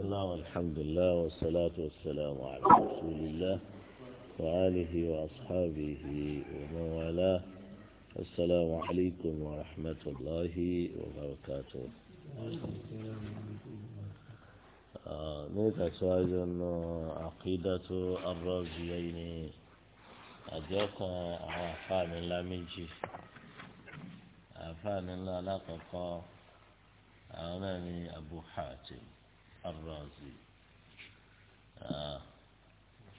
بسم الله والحمد لله والصلاة والسلام على رسول الله وآله وأصحابه ومن والاه السلام عليكم ورحمة الله وبركاته آه، نيتا سواجه أنه عقيدة الرازيين اجوك عفان الله منجي عفان الله لقق أنا أبو حاتم Ar-Razi ah,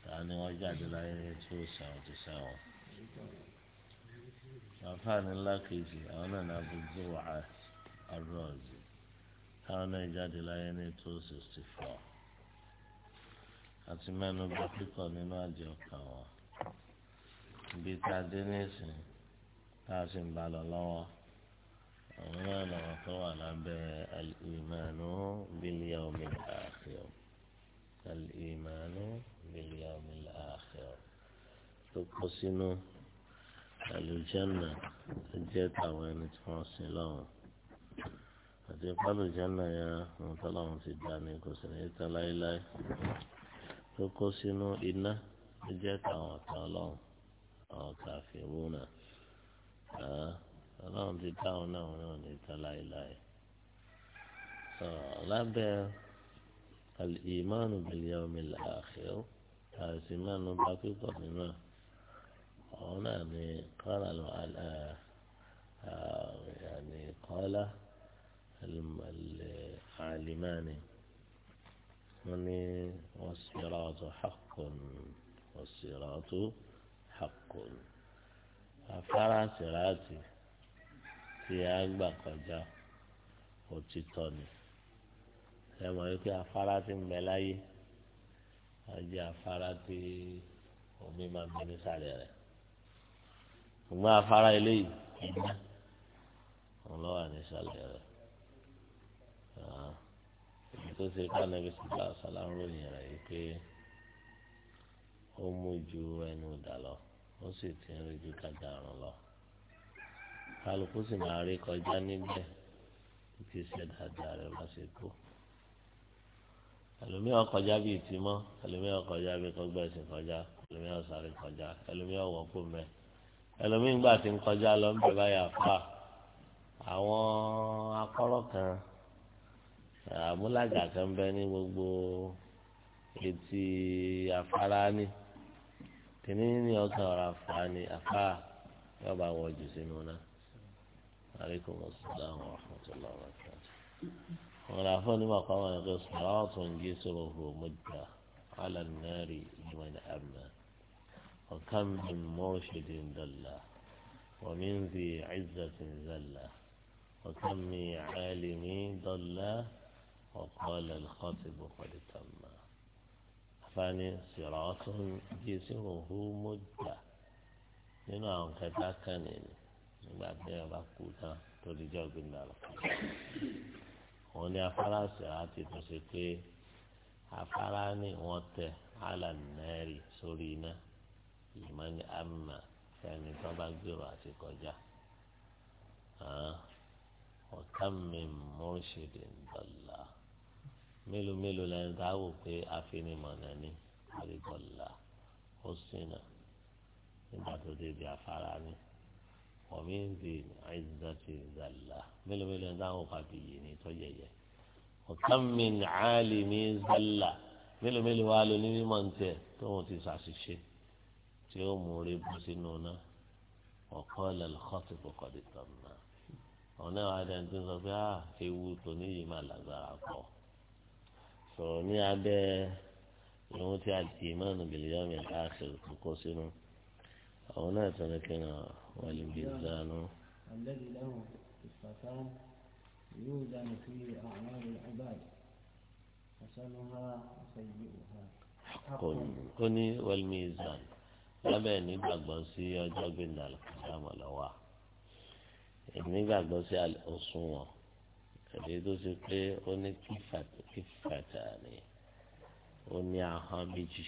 tani wọn jáde láyé ní two seventy seven àfààní ńlá kejì àwọn náà ní Abu Zur'a Ar-Razi táwọn náà jáde láyé ní two sixty four àti mẹ́nu bá kíkọ nínú àjẹ ọkàn wọn ibi tá a dé nísìn tá a sì ń balọ̀ lọ́wọ́ àwọn náà lọ́wọ́ tó wà lábẹ́ al-iman. alìmánu bìlíọ̀mù àkhírà tó kó sínú àlùjánnà tó jẹ́ tàwọn ẹni tí wọ́n sin lọ́wọ́ àti pálùjánnà yẹn wọn tọ́lọ́wọ́n ti dá ní kò sí ní tán láéláé tó kó sínú iná tó jẹ́ tàwọn ọ̀tá ọlọ́wọ́ àwọn kàfíwó náà ọlọ́run ti dá àwọn náà wọn náà ní tán láéláé lábẹ́. الإيمان باليوم الآخر هذا باقي منه هنا يعني قال آه، يعني قال العالمان يعني والصراط حق والصراط حق أفرى صراطي في أكبر قجا وتتوني ẹ mọ̀ wípé afárá ti ń bẹ láyé àjẹ afárá ti omi máa ń bẹ nísàlẹ̀ rẹ̀ ṣùgbọ́n afárá eléyìí iná ọlọ́wà nísàlẹ̀ rẹ̀ èyí tó ṣe ká nàbí sọ́lá ọ̀sálà ń ròyìn rẹ̀ wípé ó mú ju ẹnu dà lọ ó sì ti ń rí ju kájà àrùn lọ kálukú sì máa rí kọjá níbẹ̀ títí ṣẹ̀dá dáadáa rẹ̀ bá ṣe ẹlòmíràn kọjá bíi tìmọ́ ẹlòmíràn kọjá bíi kọgbẹ́sìn kọjá ẹlòmíràn sáré kọjá ẹlòmíràn wọ́pò mẹ́ ẹlòmíràn gbà tí ń kọjá lọ ń bẹ báyà fà àwọn akọ́rọ́ kan àmúlàgà kan bẹ ní gbogbo etí afárá ni kìnní ní ọkàn ọ̀rọ̀ àfààní afá yóò bá wọ jù sínú náà. aleykum salaam wa rahmatulah wa barakatuh wọn là fún onímọ̀ kan wọn kò sọ̀rọ̀ ọ̀tún jí sọ̀rọ̀ hù mọ́jà alànàárì ìmọ̀ni àmà ọ̀kan bí mọ́ṣẹ́dì ńdọ̀là wọ́n ń zi ẹ̀zẹ̀tì ńzẹ̀là ọ̀kan mi àlìmí dọ̀là ọ̀kọ́lẹ̀ lọ́kọ́tì bọ̀kọ́lì tàmà. afáàní sọ̀rọ̀ ọ̀tún jí sọ̀rọ̀ hù mọ́jà nínú àwọn kẹta kan nìyẹn nígbà tí wọn bá kú tán tó di jọ́ gbìndàlọ́ òun ni afárá sèrátì tó ṣe pé afárá ni wọ́n tẹ alànàárì sórí iná ìmọ̀ ni àmà ẹni tó bá gbèrò àti kọjá ọ̀kan mi mọ́ṣẹ̀dẹ̀ dọ̀là mélòó mélòó lẹ́yìn tá a wò pé afinimọ̀nà ni àríkọ̀là ó sínà nígbà tó débi afárá ni wàmí ndé àìzàtì zàlà mélòó mélòó ẹni táwọn fàbí yìí ní tọ́jú ẹ̀yẹ ọ̀kánmi àálì mi zàlà mélòó mélòó wà lóní mímọ̀ ntẹ̀ tóun ti sàṣìṣe tí ó mú rí bó sínú náà ọ̀kọ́ lẹ́lẹ́ kọ́tù kọ́kọ́ di tán náà ọ̀nà àwọn adẹ́ntì sọ pé ah ewu tòní yìí máa lágbára pọ̀ sọ̀rọ̀ ní abẹ́ ìwọ̀n tí a ti mọ́nu bìlíọ̀nù àṣẹ kókó sínú àwọn náà náà. والميزان الذي له قصتان يوزن فيه أعمال العباد حسنها وسيئها حق قني والميزان lábẹ́ nígbàgbọ́ sí ọjọ́ gbẹ̀ndà àmọ́ lọ́wọ́ nígbàgbọ́ sí òṣùwọ̀n èdè tó ṣe pé ó ní kífàtà ni ó ní ahọ́n méjì.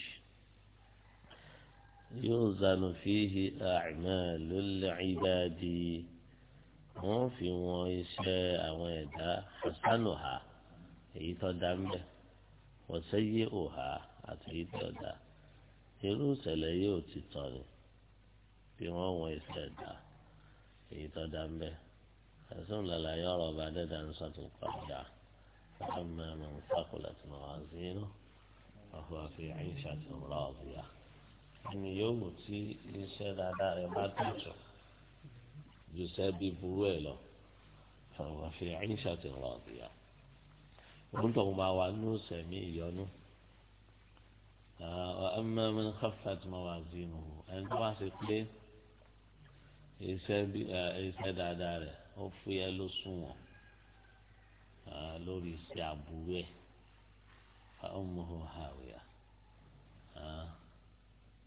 يوزن فيه أعمال العباد وفي ويشاء ويدا حسنها أيضا دمج وسيئها أتيت دا يروس ليو تطاني في ويشاء دا أيضا دمج ثم لا يرى بعد دنسة القرية فأما من ثقلت موازينه فهو في عيشة راضية ẹni yòówù tí iṣẹ́ dáadáa rẹ̀ bá dàtọ̀ ju sẹ́bi burú ẹ̀ lọ fọwọ́n fi ẹ̀yìnṣà ti rọ̀ ọ̀dìyà òun tó ń bá wa ní sẹ̀mí ìyọnu ọmọ mi kọfà ẹni tó wá sí pé iṣẹ́ dáadáa rẹ̀ ó fúyẹ́ ló sunwọ̀n lórí iṣẹ́ àbúrò ẹ̀ ọmọ hàwíyà.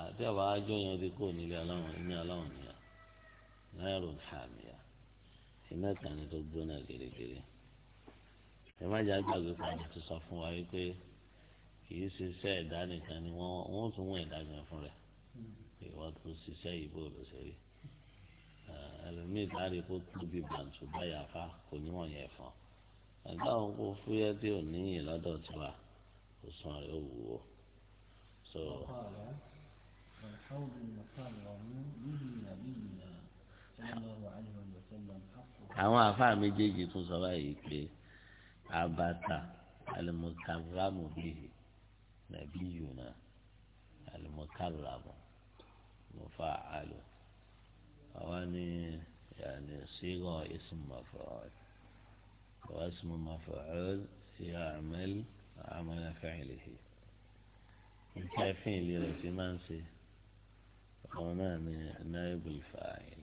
àti àwọn ajọ́ yẹn ti kó nílé aláwọn ní aláwọn nìyà náírà hàmìyà iná kan tó gbóná gèrègèrè ẹ má jà gbàgbé pàdé ti sọ fún wa wípé kì í ṣiṣẹ́ ẹ̀dá nìkan ni wọ́n wọ́n tún wọ́n ẹ̀dá gan fún rẹ̀ ìwọ́n tún ṣiṣẹ́ ìbò olóṣèré ẹlòmíì láre kó tóbi bàǹtù báyà fa kò ní wọ̀nyí ẹ̀fọn ẹ̀dá òun kò fúyẹ́ tí ò níyìn lọ́dọ̀ tiwa kò sàn rẹ̀ ó wù ó. والحوض المصغر به نبينا صلى الله عليه وسلم حقه àwọn àfáà méjèèjì tún sọ báyìí pé abata alimutaramu bihi nabiyuna alimutaramu mufaalu àwa ni yàní sígọ ism maf'ul wa ism maf'ul ya'mal amala fi'lihi nǹkan fìlì rẹ̀ ti máa ń ṣe. هنا من نائب الفاعل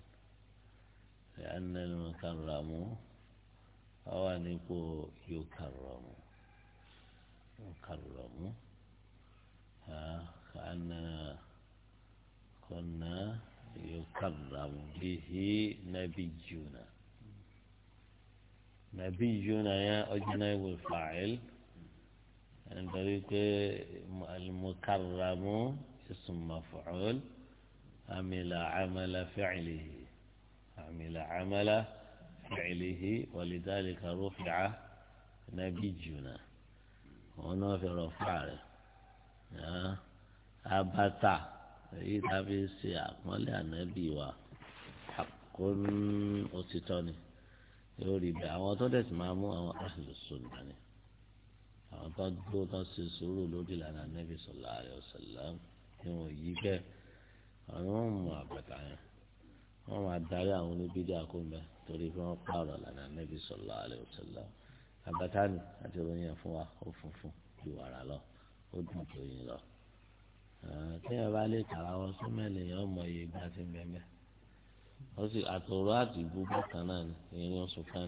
لأن المكرم هو أن يكرم مكرم كأننا كنا يكرم به نبينا نبينا يا أجنب الفاعل عن يعني طريق المكرم اسم مفعول عمل عمل فعله عمل عمل فعله ولذلك رفع نبينا هنا في رفعه أبتا èyí tá a fi ṣe àpọ́nlé ànábì wa àkóní òtítọ́ ni yóò rí bẹ́ẹ̀ àwọn tó dẹ̀ sì máa mú àwọn àlùsùn dání àwọn tó dúró tó ṣe sùúrù lórí ìlànà ànábì sallallahu alaihi ni wọ́n yí bẹ́ẹ̀ àwọn wọn mú àbàtà yẹn wọn máa darí àwọn oníbídé àkóńbẹ torí pé wọn pààrọ̀ lànà nẹbí sọlá àlẹwòsọlá àbàtà ni àti ròyìn ẹ fún wa ó funfun ju wàrà lọ ó dùn ju oyin lọ téèyàn bá lè kàrà wọn súnmẹ́lì yẹn ọmọ iye gbà ti mẹ́mẹ́ ó sì àtòrò àti ìbú bákan náà ni ìrìn oṣù kan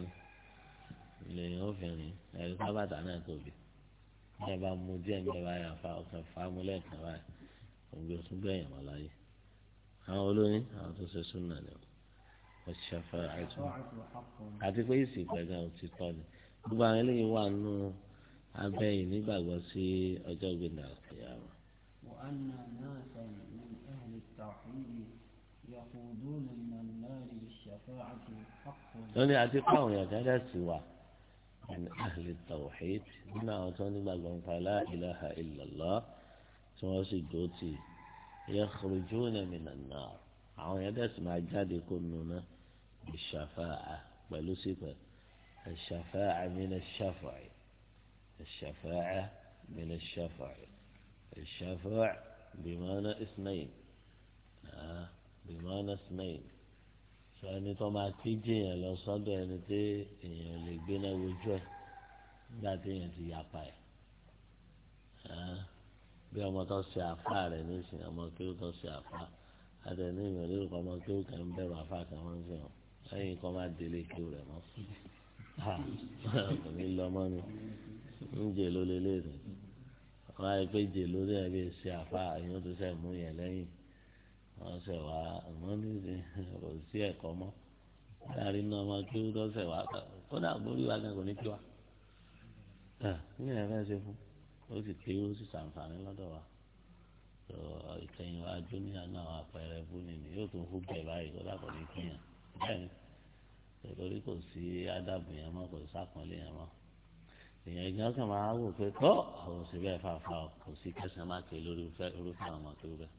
ni lèyìn obìnrin ẹ̀rí sábàtà náà tóbi ní ẹ bá mú díẹ̀ ní ẹ bá yàn fa ọ̀sán fámúlẹ̀ kan báyìí òun gbé oṣù gbẹ̀yìn wọn láyé àwọn olóyún àwọn tó ṣe súnà ni ọ̀ṣàfà àti àti pé ìsìnkú ẹ̀dá ti tọ́ ni gbogbo àwọn eléyìí wà nù abẹ́yìn nígbàgbọ́ sí ọjọ́ gbẹ̀dà ìyá wọn. lónìí àti pé àwọn èèyàn dáadáa sì wà ní àhìlì tàwọ̀hìd nínú àwọn tó nígbàgbọ́ nípa la ilaha illallah tí wọ́n sì dó tì í. يخرجون من النار او يدس ما جاد يكون هنا بالشفاعة بلوسفة الشفاعة من الشفع الشفاعة من الشفع الشفع بمعنى اثنين آه، بمعنى اثنين فأني طمع تيجي على صدو يعني تي اللي وجوه بعدين تي يعطيه bí ọmọ tó ṣe àfa rẹ̀ nísìn ọmọ kí ó tó ṣe àfa àtẹ̀ní ìyàn lérò kọ́ ọmọ kí ó kàn ń bẹ̀rù àfa kan wọ́n ń fi hàn lẹ́yìn kọ́ má délé kí ó rẹ̀ mọ́ kò ní lọ mọ́ ni ń jè ló lélẹ̀ rẹ̀ wọ́n á yẹ pé jè lórí ẹ̀ bí ṣe àfa ìyẹn tó ṣe mú yẹn lẹ́yìn wọ́n ṣe wá ọmọ nísìn kò sí ẹ̀kọ́ mọ́ láàrin náà ọmọ kí ó tó ṣe wá kódà ó sì kéwé ó sì ṣàǹfààní lọ́dọ̀ wa tó ìkẹyìn wa náà wà pẹ̀rẹ̀ ni yóò tó fún bẹ́ẹ̀ báyìí kó dàpọ̀ ní kíyàn bẹ́ẹ̀ni torí kò sí ádàbò yẹn mọ́ kò sí sàkúnlé yẹn mọ́ èèyàn ìgbà kan máa wò pé tọ́ àwọn òṣèlú ẹ̀ fàáfà kò sí kẹsàn-án máa ké lórí irúfẹ́ àwọn tó bẹ̀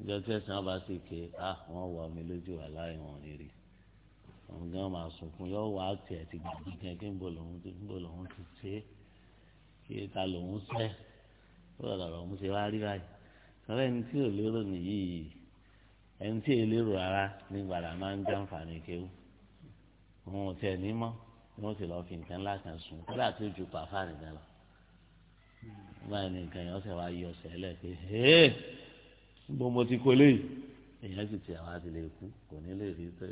ìjọ tí ẹ̀sán bá sì ké à wọ́n wọ omi lójú wà láì wọ́n ní rí òun gan máa sunkún yóò wá tiẹ̀ ti gbàgbé kí n lòun ti ṣe é kí ta lòun sẹ́ lọ́dọ̀ lọ́rọ̀ òun ṣe wá rí báyìí sọ́rọ́ ẹni tí ò lérò nìyí ẹni tí èlé rò ní gbàdá máa ń jàǹfààní kéwù òun ò tiẹ̀ ní mọ́ ni wọ́n ti lọ́ọ́ fi nǹkan ńlá kan sùn kódà tó ju pàfà nìkan lọ báyìí ni nǹkan yẹn ọ̀sẹ̀ wá yí ọ̀sẹ̀ ẹ̀ lẹ́ẹ̀kẹ́ hẹ́ẹ́ níbo mo ti kó èèyàn sì ti àwọn àti lè kú kò ní lè rí pé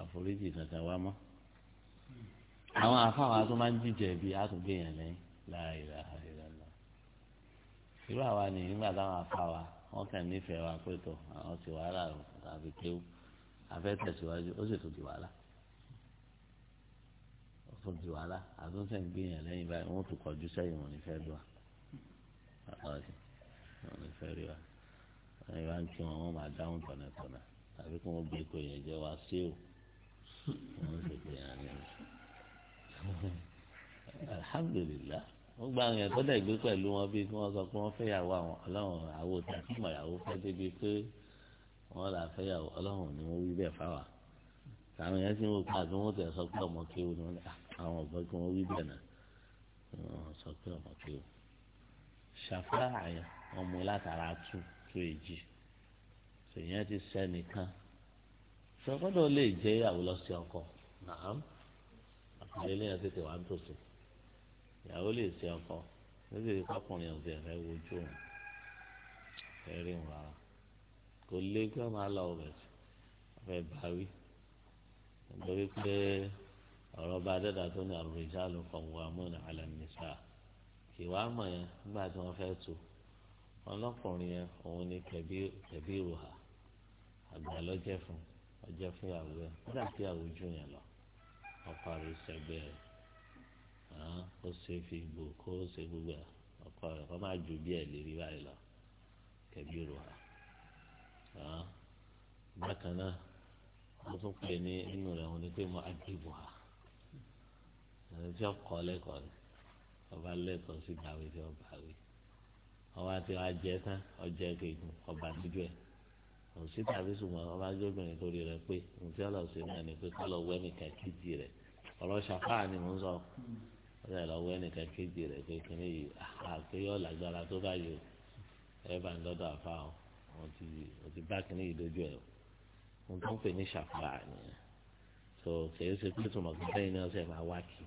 àforíjì kankan wá mọ́ àwọn afáwọn tó máa ń jíjẹ bíi àtúngbé lẹ́yìn láìlà àìlàlà irú àwa ni nígbà táwọn afa wa wọn kàn nífẹ̀ẹ́ wa pé tó àwọn ti wàhálà tàbí kéwù afẹ́ tẹ̀síwájú ó sì tún di wàhálà ó tún di wàhálà àtúnṣe ń gbìyànjú lẹ́yìn báyìí wọ́n tún kọjú sẹ́yìn wọn ní fẹ́ dùn wọn ní rí wa wọn ní wọn kí wọn wọn máa dáhùn tọ̀nàtọ̀nà tàbí kí wọ́n gbé kó yẹn jẹ́ wa sí o wọn sì pè é àná alhamdulilayi wọ́n gba àwọn yẹn tó dẹ̀ pẹ̀lú wọn bíi wọ́n sọ pé wọ́n fẹ́yàwó àwọn ọlọ́run àwo tàbí mọ̀yàwó fẹ́ débi pé wọ́n là fẹ́yàwó ọlọ́run ni wọ́n wí bẹ́ẹ̀ fáwà àwọn yẹn sì ń wò pé àbí wọ́n tẹ̀ sọ pé ọmọ kéwù ni wọ́n ní ah, àwọn ọ̀gbọ́n kí wọ́n wí bẹ́ẹ̀ náà wọ́n sọ pé ọmọ kéwù ṣàfà àyàn ọmọ látara tù tó èjì sèyàn ti sẹ́nìkan sọ gbọ́dọ̀ lè jẹ́ ìyàwó lọ sí ọkọ ìyàwó lè ṣe ọkọ níbi ìkọkùnrin ọ̀sẹ̀ rẹ wojú òun ẹrí òun rárá kò lé kí wọn máa lọ ọbẹ sí ọbẹ báwí nítorí pé ọ̀rọ̀ bá dẹ́dà tó ní àrùbíjà ló kọ̀ wọ́n amúnà alẹ́ nìṣà kì wá mọ̀ yẹn nígbà tí wọ́n fẹ́ tu ọlọ́kùnrin yẹn òun ni kẹ̀bí ìrùhà àgbà lọ́jẹ́ fún ọjẹ́ fún ìyàwó yẹn kódà kí àwùjọ yẹn lọ ọ̀pá rẹ̀ ṣẹgbẹ́ kó ṣe fi gbò kó ṣe gbogbo ẹ̀ ọkọ rẹ̀ kó má ju bí ẹ̀ lè rí báyìí lọ kẹ̀bí rò wá. bákan náà wọ́n tún pè ní inú rẹ̀ wọ́n ní pé mo àdìbò wá ẹni tí ọkọ lẹ́kọ̀ọ́ ni ọba lẹ́kọ̀ọ́ sí gbàwé tí ọba wí ọba tí wàá jẹ tán ọjẹ kegun ọba níjọ ẹ̀ òsì tàbí sùnmọ́ ọba jóbìnrin torí rẹ̀ pé ntí ọlọ́sìn náà ni pé kọ́lọ̀ wẹ́nìkan kejì rẹ̀ ọlọ́ṣàfáà ni mò ń sọ ẹ lọ wọ ẹnìkan kejì rẹ pé kíní yìí àkéyọ ah, ah, làgbára tó báyìí o ẹ bá ń lọ́dọ̀ àfa o wọ́n ti wọ́n ti bá kíní yìí lójú ẹ̀ o tó ń pè ní ṣàfà nìyẹn so kìí ṣe pé tó mọ̀ pé bẹ́ẹ̀ ni ọ̀sẹ̀ máa wá kí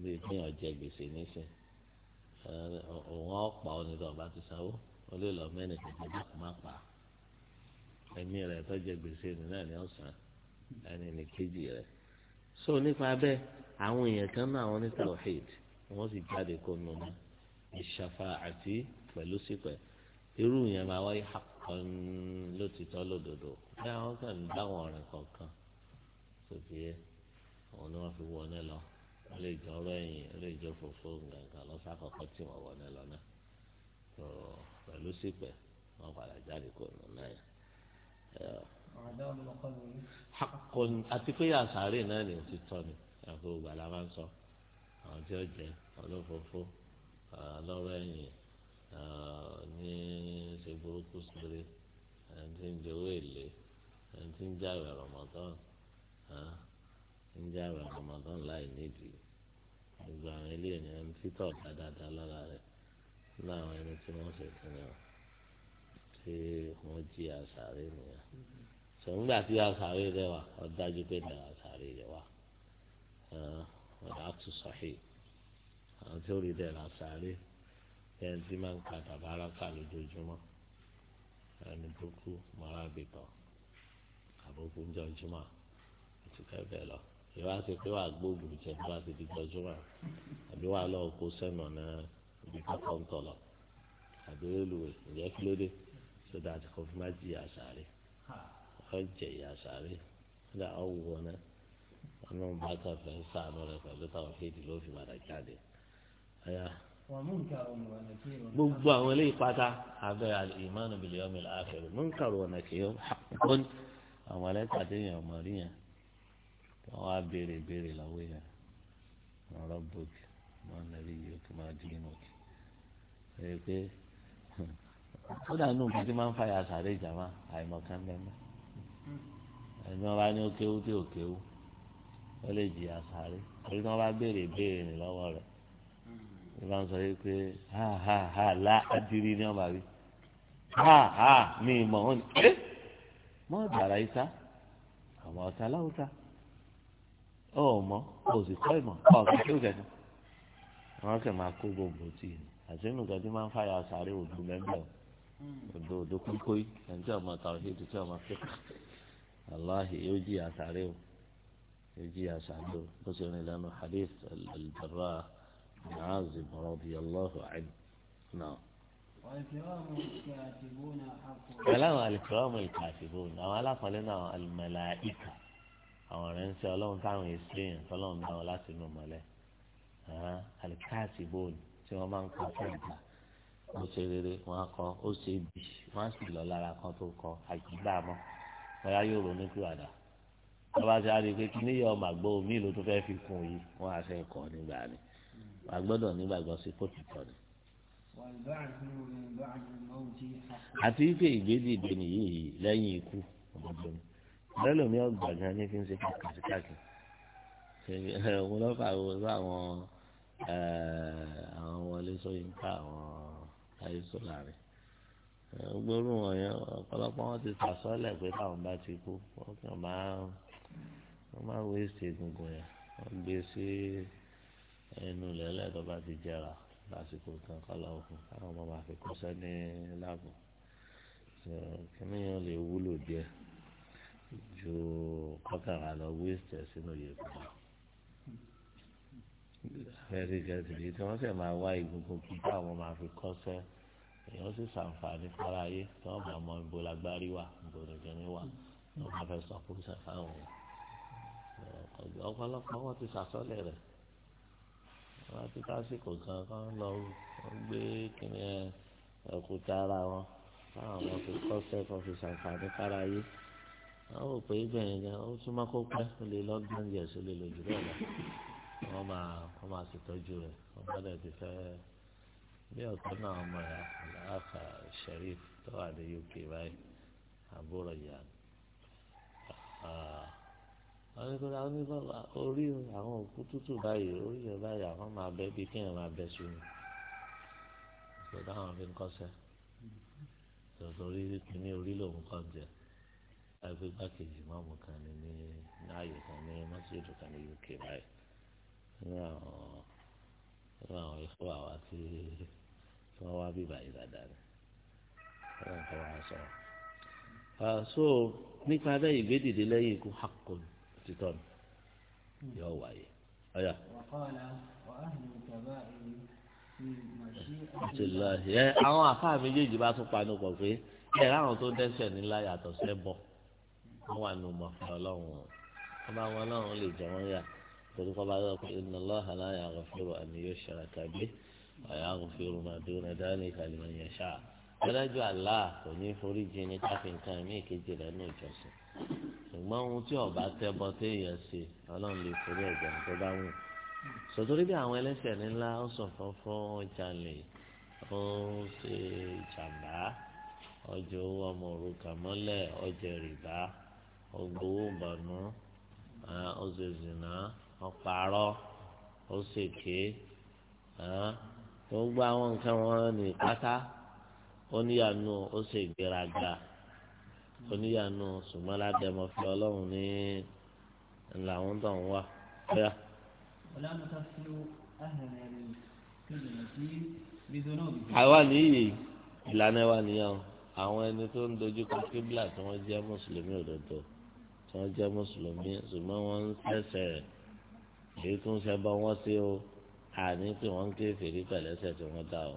bí ìpínyàn jẹ gbèsè nísìn òun ọ̀pá onídọ̀ ọba ti sanwó ó lè lọ mẹ́rin kejì bá kò má pa ẹ̀mí rẹ̀ tó jẹ gbèsè nínú ẹ̀ ní ọ̀sán ẹni ní kejì rẹ̀ so nípa bẹ́ẹ̀ àwọn èèyàn kan náà àwọn ní tawhid wọ́n sì jáde kó nù ní ìṣàfà àti pẹ̀lú sípẹ̀ irú yẹn máa wáyé hàkàn lótìtọ́ lódodo bí àwọn kan ń dáwọn ọ̀rìn kọ̀ọ̀kan sókè yẹ àwọn ni wọ́n fi wọ ní lọ wọ́n lè jọ ọ̀rọ̀ ẹ̀yìn wọ́n lè jọ fòfó nǹkan lọ́sà kọ̀ọ̀kan tí wọ́n wọ ní lọ náà pẹ̀lú sípẹ̀ wọ́n padà jáde kó nù náà yẹn àti pé àṣàrí náà ni òtítọ́ ẹ̀kọ́ ògbà máa ń sọ àwọn tí ó jẹ ọlọ́fọ̀fọ́ ọlọ́wọ́ ẹ̀yìn ní ṣe burúkú sórí ẹni tí ń jowó èlé ẹni tí ń jáwé Ramadan ń jáwé Ramadan láì nídìí gbogbo àwọn eléyìí ni ẹni títọ̀ dáadáa lára rẹ̀ láwọn ẹni tí wọ́n ṣe kí ni tí wọ́n jí àṣàrí nìyẹn sọ̀ngbà tí àṣàrí rẹ̀ wà ó dájú pé dàrá àṣàrí rẹ̀ wà. والعكس صحيح àtúrò dẹ̀ làṣàrí ẹni tí máa ń ka tàbáraka lójoojúmọ́ ẹni tó kú mọ́ra bìtọ̀ àbókù ń jọjúmọ́ àti kẹ́bẹ̀ lọ. ìwà ti pé wàá gbóògùn jẹ bí wàá ti di jọjúmọ́ àbí wàá lọ kó sẹ́nà náà ibi kọ́kọ́ ń tọ̀ lọ àbí olùwẹ̀ ìyẹ́ kí ló dé sódà àti kọfí má jìyà àṣàrí wọ́n jẹ ìyà àṣàrí kódà ọ̀wọ́ náà ọlọ́run bá kà fẹ́ sànù rẹ pẹ̀lú táwọn kéèdì ló fi padà jáde. gbogbo àwọn eléyìí pátá abẹ́ ìmánu bìlẹ̀ ọmọ ilẹ̀ afẹ́rẹ́ mú kàrò ọ̀nà kì í hàn àwọn ẹlẹ́ta déyàn ọmọ rí yẹn wọ́n á béèrè béèrè lọ́wọ́ yẹn ọ̀rọ̀ bòkì wọ́n nàbí yìí kò máa dín inú ẹ pé ó dà nù kí máa ń fàyà sàré ìjàmá àìmọ̀kan mẹ́mẹ́ ẹ̀mí ọba ní ó kéwú tí ò kéwú ó lè jìyà sáré torí tí wọ́n bá béèrè béèrè lọ́wọ́ rẹ̀ ìbá ń sọ yìí pé ha ha ha la adiri ni ọba rí ha ha mi mọ̀ ọ́n ẹ́ mọ́ dàrá yìí sá àwọn ọ̀tá láwùjá ọ mọ o sì kọ́ ìmọ̀ ọ kò tó kẹ̀kẹ́ wọ́n kẹ̀ máa kó gbogbo tì í àti nínú kan tí máa ń fàyà sáré òdu mẹ́mbẹ́ òdo òdo kúkúí ẹni tí ọmọ tàwọn ṣe ti tí ọmọ fẹ́ aláhi yóò jìyà sáré o. يجي أسعده بسرني لأنه حديث البراء بن عازب رضي الله عنه نعم الكاتبون كلام الكرام الكاتبون أو على قولنا الملائكة أو ننسى الله تعمل يسرين فلهم دعوا لا سنو ملائكة ها الكاتبون سنو من قاتلها ó ṣe rere wọn kọ ó ṣe bì wọn sì lọ lára kan tó kọ àìsí mọ ọyá yóò ronú pìwàdà wọ́n bá ti àrí pé kí níyà ọmọ àgbọ̀ omi ló tún fẹ́ẹ́ fi kún yìí wọ́n á fẹ́ kọ́ nígbà ni wọ́n gbọ́dọ̀ nígbàgbọ́ sí kóòtù tọ́ ni. àti wípé ìgbédìde nìyí yìí lẹ́yìn ikú ọmọdé ni lẹ́lòmí ọgbà gan ni fi ń ṣe kàkàsíkàkì òun lọ́ fà wọ́n sọ àwọn àwọn wọlé Ṣóyínká àwọn ayé sọ́lá rẹ̀ gbórùn wọn yẹn ọ̀pọ̀lọpọ̀ wọn ti sàsọ́lẹ̀ pé táwọn bá ti kú wọ́n kàn máa ń wọ́n máa wọ èsì egungun yẹn wọ́n gbé sí ẹnu lẹ́lẹ́ tó bá ti jẹrà lásìkò kan kọ́lá òkun káwọn ọmọ máa fi kó sẹ́ni láàbù kíní yẹn lè wúlò díẹ̀ ju kọ́kàrà lọ wíṣẹ̀ sínú yẹ̀kọ́ fẹ́ẹ́rì gẹ̀ẹ́sì yìí tí wọ́n sì máa wá egungun kí káwọn máa fi kọ́ sẹ́ èèyàn sì ṣàǹfààní fáráyé tí wọ́n bá mọ ibo lágbárí wà ibo nìkan ní wà tí fẹ́ sọ fún ìṣàfáwọn wọn ọ̀pọ̀lọpọ̀ wọn ti sàsọ́lẹ̀ rẹ̀ wọ́n ti tásìkò kan kan lọ gbé kíni ẹ̀kúta ara wọn káwọn wọn fi kọ́sẹ́ kan fi ṣàǹfààní kára yé àwọn ò pé ibẹ̀ yẹn gan ó súnmọ́ kó pẹ́ ó lè lọ́gbọ́n jẹ̀ sí lè lòdì bẹ́ẹ̀ lọ wọ́n máa wọ́n máa ṣètọ́jú rẹ̀ wọ́n gbọ́dọ̀ ti fẹ́ bí ọ̀kan náà ọmọ ẹ̀ aláàfà Sharif tó wà ní UK báyìí àbúrò yàn àwọn ìkọlá àwọn oníbàbà orí àwọn òkú tútù báyìí orí rẹ báyìí àwọn máa bẹ bíi kéèyàn máa bẹ sùn ní ìṣẹ̀dá àwọn fi ń kọ́sẹ̀ torí ní orí lòun kọ́ jẹ àgbẹ̀ gbàkejì mọ́mù kan ní ní ààyè kan ní mọ́sídù kan ní UK báyìí ní àwọn ní àwọn ìfọ́ àwa tí wọ́n wá bí báyìí dáadáa ni wọ́n kọ́ wa sọ. Ah, so nípa bẹ́ẹ̀ ìgbédìde lẹ́yìn ikú hakùn ni títọ́ ni yóò wáyé. ọ̀yà. àwọn àfáà méjèèjì bá tún panu pọ̀ pé ẹ̀ láwọn tó dẹ́ṣẹ̀ nílá yàtọ̀ sẹ́bọ̀ wọ́n wà nù mọ̀ fún ọlọ́run wọ́n bá wọn ọlọ́run lè jẹ wọ́n yà torí kọ́ bá dọ̀ pé inna Allaha la yaghfiru an yushraka bihi wa yaghfiru ma duna dhalika liman yasha' ẹlẹ́jọ́ àlá kò ní forí jìnnì káfí nǹkan mí kejì rẹ̀ ní ìjọsìn ṣùgbọ́n ohun tí ọba tẹ́bọ téèyàn ṣe ọlọ́run lè forí ẹ̀jẹ̀ tó bá wù. sòtúrí bí àwọn ẹlẹ́sẹ̀ ńlá ó sọ̀fọ́ fún ọjàlè ó ṣe ìjàmbá ọjọ́ owó ọmọ òrukàn mọ́lẹ̀ ọjọ́ rìbá ọgbowó bọ̀nú ọ̀ṣẹ̀ṣìnà ọ̀pàrọ̀ ọ̀ṣẹ̀kẹ́ gbogbo àwọn nǹkan wọn ní pátá oníyanu ó sì gbéraga oníyanu sùmọ́lá dẹ̀mọ́ fi ọlọ́run ní làwọn tó ń wà. àwa nìyí ìlànà wa nìyẹn o àwọn ẹni tó ń dojú kọ kíbla tí wọ́n jẹ́ mùsùlùmí òdodo tí wọ́n jẹ́ mùsùlùmí ṣùgbọ́n wọ́n ń ṣẹ̀ṣẹ̀ èyí tó ń ṣe bá wọ́n sí o àní tí wọ́n ń ké fèrè pẹ̀lẹ́sẹ̀ tí wọ́n dá o.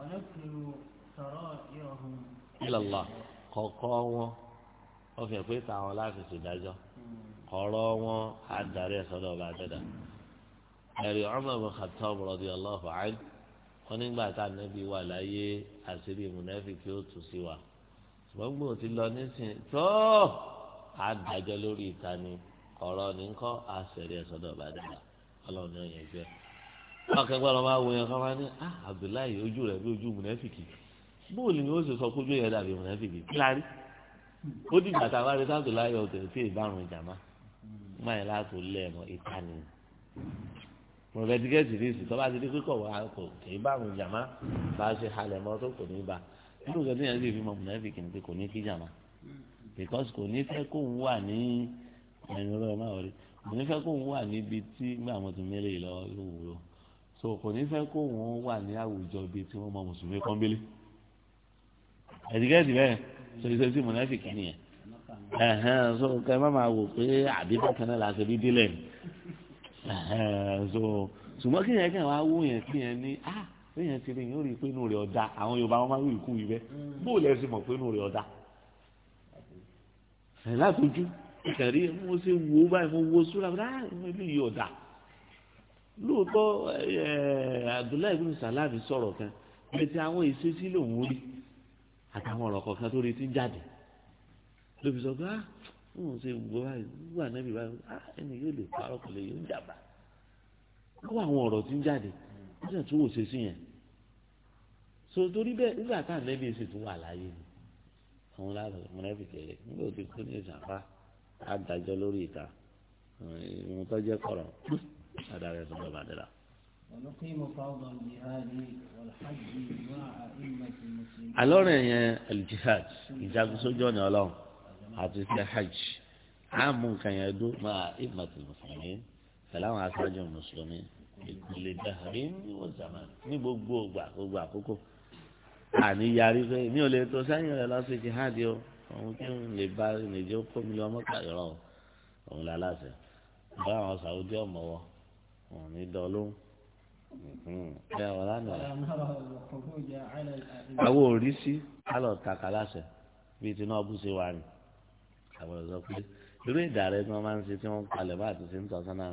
ọ̀nà kìlọ̀ ilàlá kọ̀ọ̀kọ́ wọn wọ́n fi hàn pé táwọn láti ṣèdájọ́ ọ̀rọ̀ wọn á darí ẹ̀sọ́ náà bá dẹ́dà. ẹ̀rí Umar bin Khattab radiyallahu anhu wọn nígbà tá ànábì wà láyé àṣírí mùnáfíkì ó tù sí wa ṣùgbọ́n gbòò ti lọ nísìn tó á dájọ́ lórí ìta ni ọ̀rọ̀ ní kọ́ á ṣẹ̀rí ẹ̀sọ́ náà ọlọ́run ní ọ̀yẹ́ bóò ni ó sì sọ pé ojú yẹn dàbí mọ̀nàfíkì kílárí ó di bàtà wá rí sáàtò láyọ̀ ọ̀tẹ̀ tí ìbárun ìjàmá máa yẹn láàtò lẹ́ẹ̀mọ́ ìtàní mọ̀lẹ́dígẹ́tì ní ìsìn tọ́ba ti di kíkọ̀ wá kò kì í bárun ìjàmá bá a ṣe halẹ̀ mọ́ tó kò ní bá nínú ìgbà tí yẹn sì fi mọ mọ̀nàfíkì ni pé kò ní kí jàmá because kò ní fẹ́ kó ń wà ní ẹ̀yìn ọlọ́run máa wọlé kò ní fẹ́ kó ń wà níbi tí gbà wọn ti mẹ́lẹ̀ lọ́wọ́ yóò wúlò so kò ní fẹ́ kó wọn wà ní àwùjọ bíi tí wọ́n mọ mùsùlùmí kọ́ńbélé ẹ̀dígẹ́dì bẹ́ẹ̀ so ìṣesí mọ̀nàfíkì nìyẹn ẹ̀hẹ́n so kẹ́ má máa wò pé àbí bákan náà làṣẹ bí dílẹ̀ ẹ̀hẹ́n so ṣùgbọ́n kí yẹn kẹ́ wá wó yẹn kí yẹn ní ah bí yẹn ti rí yẹn ó rí i pé inú rẹ̀ ọ̀dà àwọn Yorùbá wọn máa ń rí ikú yìí bẹ́ẹ̀ bóò lẹ́ sì mọ̀ pé inú rẹ̀ ọ̀dà ẹ̀ látọjú ìkàrí mo ṣe wo báyìí mo wo súra ah ilé yìí ọ̀dà lóòótọ́ Abdullahi bin Salam sọ̀rọ̀ kan bẹ́ẹ̀ ti àwọn ìṣesí lòun rí àtàwọn ọ̀rọ̀ kọ̀ọ̀kan tó retí ń jáde lóbi sọ pé ah wọn ṣe gbọ́ báyìí wà nábì báyìí ah ẹni yóò lè parọ́ kò lè yóò ń jàmbá lọ́wọ́ àwọn ọ̀rọ̀ tí ń jáde ó sì tún wò ṣe sí yẹn so torí bẹ́ẹ̀ nígbà tá ànábì sì tún wà láyé ni àwọn lábàá mọ̀lẹ́bí kẹ̀lẹ́ nígbà òtí kú ní ìsàfà àdájọ́ lórí ìta ìwọ̀n tó jẹ́ kọ̀rọ̀ àdàrẹ̀ sọ̀rọ̀ bàdẹ́là. ونقيم فرض الجهاد والحج مع أئمة المسلمين. àlọ́rìn yẹn aljihad ìjagun sójú ọ̀nà ọlọ́run àti ṣe hajj àmú nǹkan yẹn dó máa أئمة المسلمين pẹ̀lú àwọn aṣáájú mùsùlùmí ìpìlẹ̀ dàrí níwọ̀n zaman ní gbogbo ògbà gbogbo àkókò àní yarí pé mi ò lè tó sẹ́yìn rẹ̀ lọ́sẹ̀ jihad o òun kí n lè bá lè jẹ́ kó mi lọ́mọ́ kàyọ̀rọ̀ òun lálàsẹ̀ báwọn sàwùjọ́ mọ̀wọ́ òun ní dọ́ lóhùn ẹ ọ̀rá náà àwọn òrísí alọ̀ kàkà láṣẹ bí Tinubu ṣe wà ní àwọn ọ̀sọ́ pé irú ìdá rẹ ni wọ́n máa ń ṣe tí wọ́n palẹ̀ bá àti ṣe ń tọ́sán náà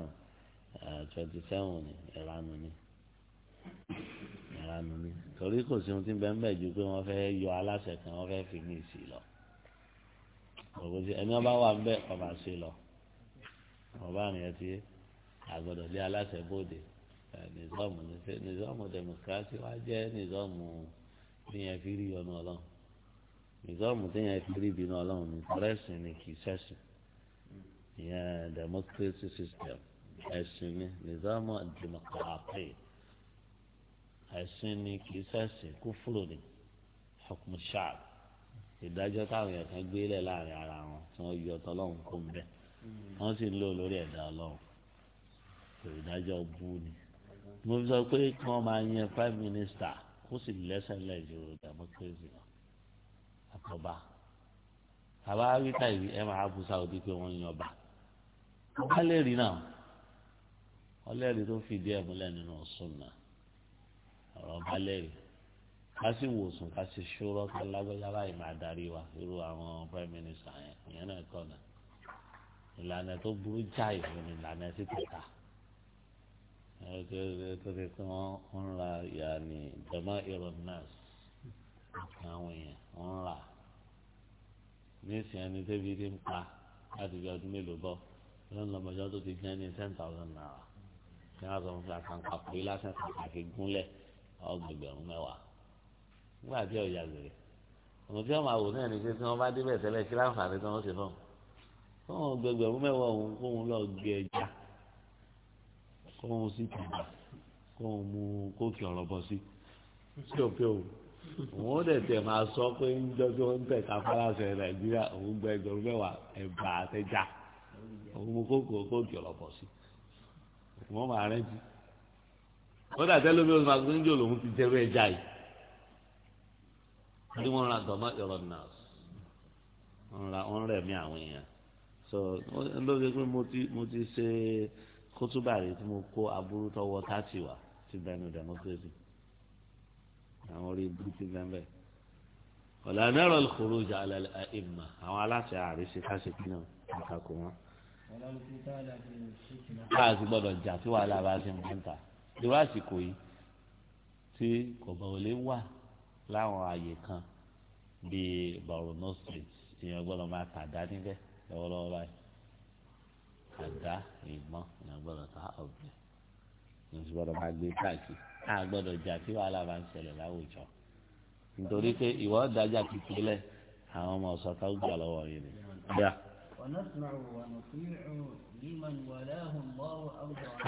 twenty seven ni ìranu ni ìranu ni torí kò sí ohun tí ń bẹ ń bẹ̀ ju pé wọ́n fẹ́ yọ aláṣẹ kan wọ́n fẹ́ fi mí sí lọ òkòtì ẹni ọba wà ń bẹ ọba ṣe lọ ọba rìn ẹ ti àgbọ̀dọ̀ lé aláṣẹ bóde nìzọ́ọ̀mù nìzọ́ọ̀mù dẹmọkírásì wa jẹ́ nìzọ́ọ̀mù tíyẹn fi rí ọ̀nà ọlọ́run nìzọ́ọ̀mù tíyẹn fi rí ìbínú ọlọ́run ní rẹ́sìn ni kì í sẹ́sìn ìyẹn democracy system ẹ̀sìn ni nìzọ́ọ̀mù dẹmọkírásì ẹ̀sìn ni kì í sẹ́sìn kúfúrò ni hukmu ìdájọ́ táwọn èèyàn kan gbélé láàrin ara wọn tí wọ́n yọ tọ́lọ́run kó ń bẹ́ wọ́n sì ń lò lórí ẹ̀dá ọlọ́run ìdájọ́ bú ni mo sọ pé kí wọ́n máa yan prime minister kó sì lẹ́sẹ̀ lẹ́jọ́ democracy àtọ́ba àbá ríta ìwé ẹ máa bu Saudi pé wọ́n yan ọba ọba lè rí náà wọ́n lẹ́rìí tó fìdí ẹ̀ múlẹ̀ nínú sunna ọ̀rọ̀ ọba lẹ́rìí ká sì wòsàn ká ṣòro ká lágbájá báyìí máa darí wa irú àwọn prime minister yẹn ìyẹn náà kọ̀ náà ìlànà tó burú jáì ìlànà sí kẹta tó fi pé wọ́n ń ra yàní jama ironas àwọn èèyàn wọ́n ń ra nísìnyẹn ni débi ti ń pa láti fi ọdún mélòó bọ́ lọ́nà lọ́mọdé tó ti jẹ́ ní ten thousand naira ní wọ́n sọ fún mi pé lásán kàkà gúnlẹ̀ ọgbẹgbẹ̀rún mẹ́wàá nígbà tí ọ̀yà gbèrè ọmọ tí wọ́n máa wò náà ni pé tí wọ́n bá débẹ̀ tẹ́lẹ̀ kí láǹfààní tí wọ́n ṣe fún un fún ọgbẹgbẹ̀rún mẹ́wàá òun kóun lọ́ọ́ gbé ẹja kó mu sí tàbá kó mu kókì ọ̀rọ̀ bọ̀ sí sí òpin o òun ó dẹ̀ tẹ̀ máa sọ pé ń jọ tí wọ́n ń tẹ̀ ká faransé nàìjíríà òun gba ẹgbẹ̀rún mẹ́wàá ẹ̀bà àtẹ̀já òun mu kókì kókì ọ̀rọ̀ bọ̀ sí wọ́n máa rẹ́ǹtì wọ́n dà tẹ́lẹ̀ mi ò máa gbé lòun ti jẹ́rú ẹja yìí bí wọ́n ra dọ̀mọ́ ìrọ̀ náà wọ́n rẹ̀ mí àwọn èèyàn so ló ṣe pé mo ti ṣe kótóbà rèé tí mo kó aburú tọwọ́ tààtì wá ti bẹnu democracy àwọn orí ibú ti bẹ́ẹ̀ bẹ́ẹ̀ ọ̀là náírà lóko jà àlàlẹ́ àìmà àwọn aláṣẹ àríṣe káṣíkì náà àkàkùn wọn. káàsì gbọ́dọ̀ jà tí wàhálà bá ṣe ń bọ́ ń ta irú àsìkò yìí tí kọ̀bà òlé wà láwọn àyè kan bíi Borno State ìyẹn gbọ́dọ̀ máa tàdá níbẹ̀ lọ́wọ́lọ́wọ́ báyìí àdá ìbọn ìyá gbọ́dọ̀ ta ọ̀bẹ ìyá gbọ́dọ̀ máa gbé káàkiri á gbọ́dọ̀ jà tí wàhálà bá ń ṣẹlẹ̀ láwùjọ nítorí pé ìwọ dájà kékeré lẹ àwọn ọmọ ọ̀sán tó gbà lọ́wọ́ yìí ni.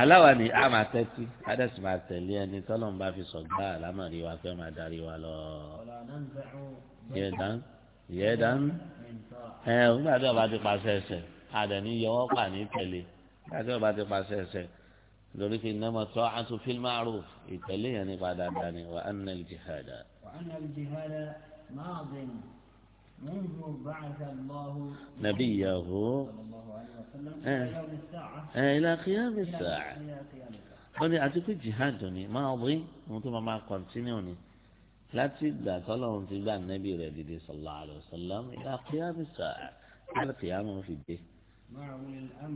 aláwa ni a máa tẹ́tí adẹ́sì máa tẹ̀lé ẹni tọ́lọ́mù bá fi sọ̀gbà àlámọ̀rí wa fẹ́ máa darí wa lọ. yẹ dán yẹ dán ẹ ń gbàdúrà bá ti pàṣẹ ẹsẹ̀ àdàní yọwọ́ pà ní tẹ̀lé láti ọba ti pàṣẹ ẹsẹ̀ lórí fi nàmọ tọ́ àtún fílmù àrò ìtẹ̀lé yẹn nípa dáadáa ni wà á nà jihada. wà á nà jihada máa bẹ̀ منذ بعث الله نبيه إلى قيام الساعة wọ́n àti pé jihad ni máa wí ohun tó máa máa kọ́ntínú ni láti ìgbà tọ́lọ́run ti gbà nẹ́bí rẹ̀ dìde sallallahu alaihi wasallam ìlà kìámù sáà ìlà kìámù fi dé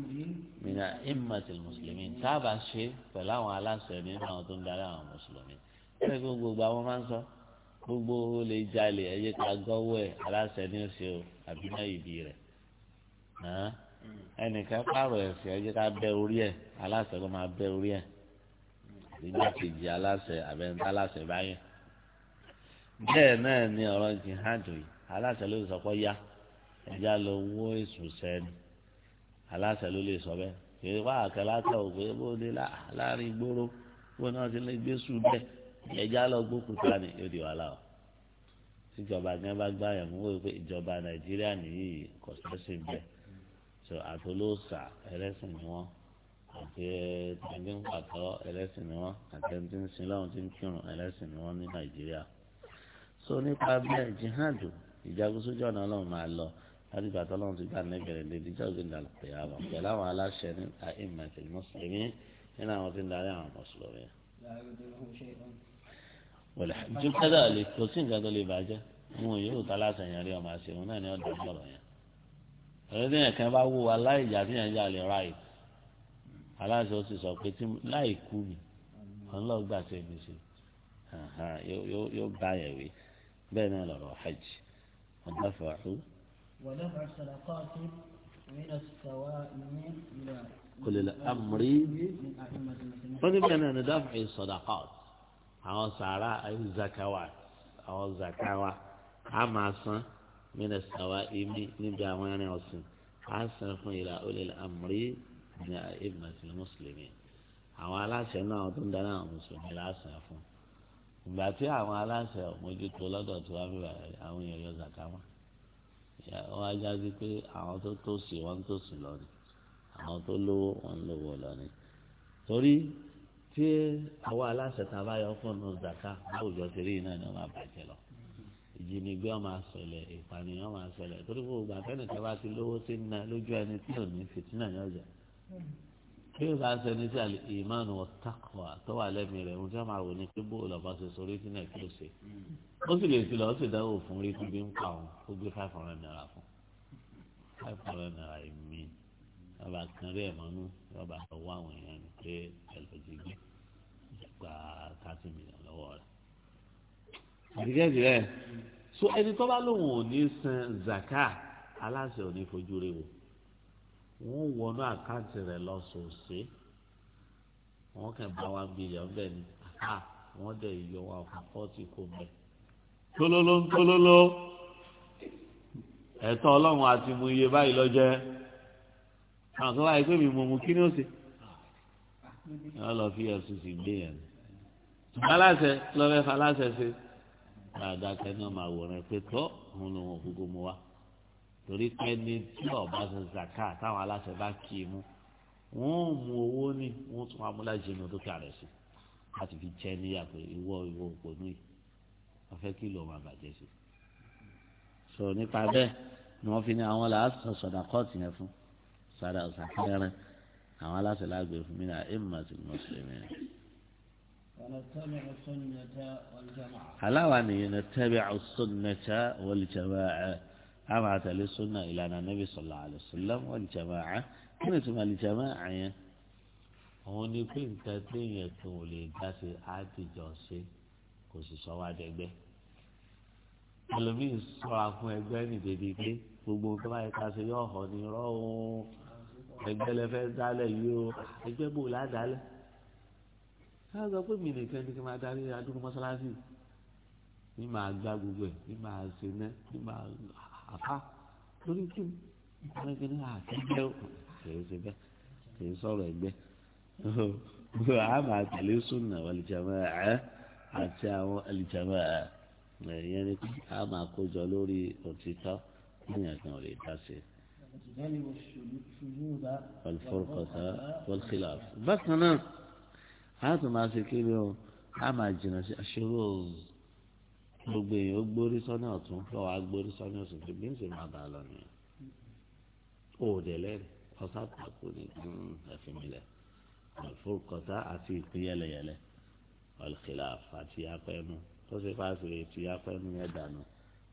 min a'immati muslimin sábà ṣe pẹ̀lú àwọn aláṣẹ nínú àwọn tó ń darí àwọn mùsùlùmí bẹ́ẹ̀ kó gbogbo àwọn máa ń sọ gbogbo ó lè jalè ẹ̀yẹ ká gọ́wọ́ ẹ̀ aláṣẹ ní ṣe o àbí náà ìbí rẹ̀ ẹnìkan pààrọ̀ ẹ̀sìn ẹ̀yẹ ká bẹ orí ẹ̀ aláṣẹ ló máa bẹ orí ẹ̀ nígbà kejì aláṣẹ àbẹ̀ntà aláṣẹ báyẹn bẹ́ẹ̀ náà ni ọ̀rọ̀ jihad yìí aláṣẹ ló sọ pé ya ẹ̀yà lọ wọ́ èsùn sẹ́ni aláṣẹ ló lè sọ bẹ́ẹ̀ kì í wá àkàlàkà òpè bó lè láàrin gbòòrò bó náà ti lè gbé sùn bẹ́ẹ̀ ẹja lọ gbókùtà ni yóò di wàhálà o tíjọba gan bá gbá yẹn mú wípé ìjọba nàìjíríà nìyí kò sẹ́sìn bẹ́ẹ̀ so àtolóòsà ẹlẹ́sìn ni wọ́n àti ẹni ń pàtó ẹlẹ́sìn ni wọ́n àti ẹni tí ń sin lọ́run tí ń kírun ẹlẹ́sìn ni wọ́n ní nàìjíríà so nípa bẹ́ẹ̀ jihadu ìjagunsójú ọ̀nà ọlọ́run máa lọ láti gbà tọ́lọ́run ti gbà níbẹ̀rẹ̀ lèdí jáde ní àlùpẹ̀ àwọn pẹ̀lú àwọn aláṣẹ ní àìmọ̀tẹ̀ mùsùlùmí nínú àwọn tí ń darí àwọn mùsùlùmí. wọ̀lẹ̀ ju kẹ́dà lè kò sí nǹkan tó lè bàjẹ́ mú yóò tá láti ẹ̀yàn rí ọmọ àṣẹ òun náà ni ọ̀dọ̀ ọ̀rọ̀ yẹn. ọ̀rẹ́ tí yẹn kan bá wú wa láì jà tí yẹn jà lè ra ì aláṣẹ ó sì sọ pé láì kú mi ọ̀n ودفع الصدقات من السوائم إلى كل الأمر فنبقى أن دفع الصدقات أو سعراء الزكوات أو الزكوات أما أصلا من السوائم نبقى وانا أصلا أصلا إلى أولي الأمر من أئمة المسلمين àwọn aláṣẹ náà tó ń dáná àwọn mùsùlùmí láṣẹ fún ìgbà tí àwọn aláṣẹ mójútó lọ́dọ̀ tó wá bí wọn á já sí pé àwọn tó tòṣì wọn tòṣì lọ ni àwọn tó lówó wọn lówó lọ ni torí tí àwa aláṣẹ tá a bá yọ fún un zaka láwùjọ ti rí iná ni wọn máa bàjẹ́ lọ ìjínigbé wọn máa ṣẹlẹ̀ ìpànìyàn wọn máa ṣẹlẹ̀ torí gbogbo àtẹnìkan bá ti lówó sí ń lójú ẹni tí ò ní fìtínà ní bí o bá ṣe ní sí àlè ìmánu ọ̀tàkùwà tó wà lẹ́mìí rẹ̀ ohun tí wọ́n máa wò ní pé bó lọ́ba ṣe sọ rétí náà kí o ṣe ó sì lè ti lọ ó sì dáwọ́ fún rétí bí ń pa òun ó gbé five hundred naira fún five hundred naira èmi ọba kan rí ẹ̀mọ́nú ọba kan wá àwọn èèyàn ní pé ẹlòjì gbé gba thirty million lọ́wọ́ rẹ̀. àdìgẹ́dì rẹ̀ so ẹni tó bá lóun ò ní san zaka aláṣẹ ò ní fojú rẹ̀ wò wọ́n wọnú àkáǹtì rẹ̀ lọ́sọ̀ọ̀sẹ̀ wọ́n kàn bá wa bílíọ̀nù bẹ́ẹ̀ ni wọ́n dẹ̀ yọ wa fún fọ́ọ̀tì kò mẹ́. tólóló ń tólóló ẹ̀tọ́ ọlọ́run àti mu iye báyìí lọ́jẹ́ àwọn kan wáyé pé mi mọ̀ mú kí ni ó ṣe. wọ́n lọ fi ẹ̀sùn sì gbé yẹn. aláṣẹ lọ́fẹ́ faláṣẹ ṣe dáadáa kẹ́ ní ọmọ àwòrán pé tọ́ òun lòun òkúkú mu wá torí pé ní tí ọba ṣe zaka táwọn aláṣẹ bá kì í mú wọn ò mú owó ní wọn tún amúlájẹ ní dúkìá rẹ sí láti fi jẹ níyà pé ìwọ ìwọ òpònú yìí wọn fẹ́ kí lọ máa bàjẹ́ sí. sọ nípa bẹ́ẹ̀ ni wọ́n fi ní àwọn làásùn sọ̀dà kọ́ọ̀tù yẹn fún sàdà ọ̀sàkẹ́rẹ́ àwọn aláṣẹ lágbè fún mi náà emma ti mùsùlùmí rẹ. aláwa nìyẹn tẹ́bí ọ̀sùn nẹ́tà wọ́n lè jẹ́ báyà a máa tẹ̀lé súnà ìlànà níbi sallallahu alaihi wasallam wal jama'a kí ni tuma al-jama'a yẹn òun ni pé nǹkan téèyàn kan ò lè dá sí àtijọ́ ṣe kò sì sọ wá dẹgbẹ́ ẹlòmíín sọra fún ẹgbẹ́ nìdèdè pé gbogbo nǹkan báyìí ká ṣe yọ ọ̀hún ní irọ́ òun ẹgbẹ́ lẹ fẹ́ dálẹ̀ yìí o ẹgbẹ́ bò ládàálẹ̀ ká sọ pé mi nìkan ni kí n máa darí adúrú mọ́sálásì mi máa gbá gbogbo ẹ̀ mi máa ṣe ná mi máa àfa lórí kí nítorí kí ní àkẹgbẹ́ o kìí ṣe bẹ́ẹ̀ kìí sọ̀rọ̀ ẹgbẹ́ àmà àtẹ̀lé súnà wàlìjàmẹ́ ẹ̀ àti àwọn àlìjàmẹ́ ẹ̀ ìyẹn ni kí àmà àkójọ lórí òtítọ́ níyàn kan ò lè dá sí i. والفرقة والخلاف بس أنا هذا ما سكيلو أما جنسي الشذوذ gbogbo èèyàn gbórí sọ́nà ọ̀tún lọ́wọ́ agbórí sọ́nà ọ̀tún tó bí ń sì máa bá a lọ nìyẹn ó dẹ̀ lẹ́rìí ọ̀sán àpò ní ẹ̀fínmilẹ̀ àlùfórúkọ̀tà àti ìpín yẹlẹyẹlẹ al-khilaf àti apẹ́nu tó ṣe fáṣe ti apẹ́nu yẹn dànù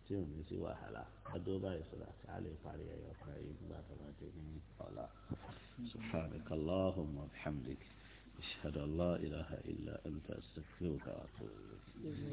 tí ò ní sí wàhálà adóbá ìṣúra tí a lè parí ẹ̀yọ̀ kan yìí nígbà tó máa ti ní ọ̀la subhanakallahumma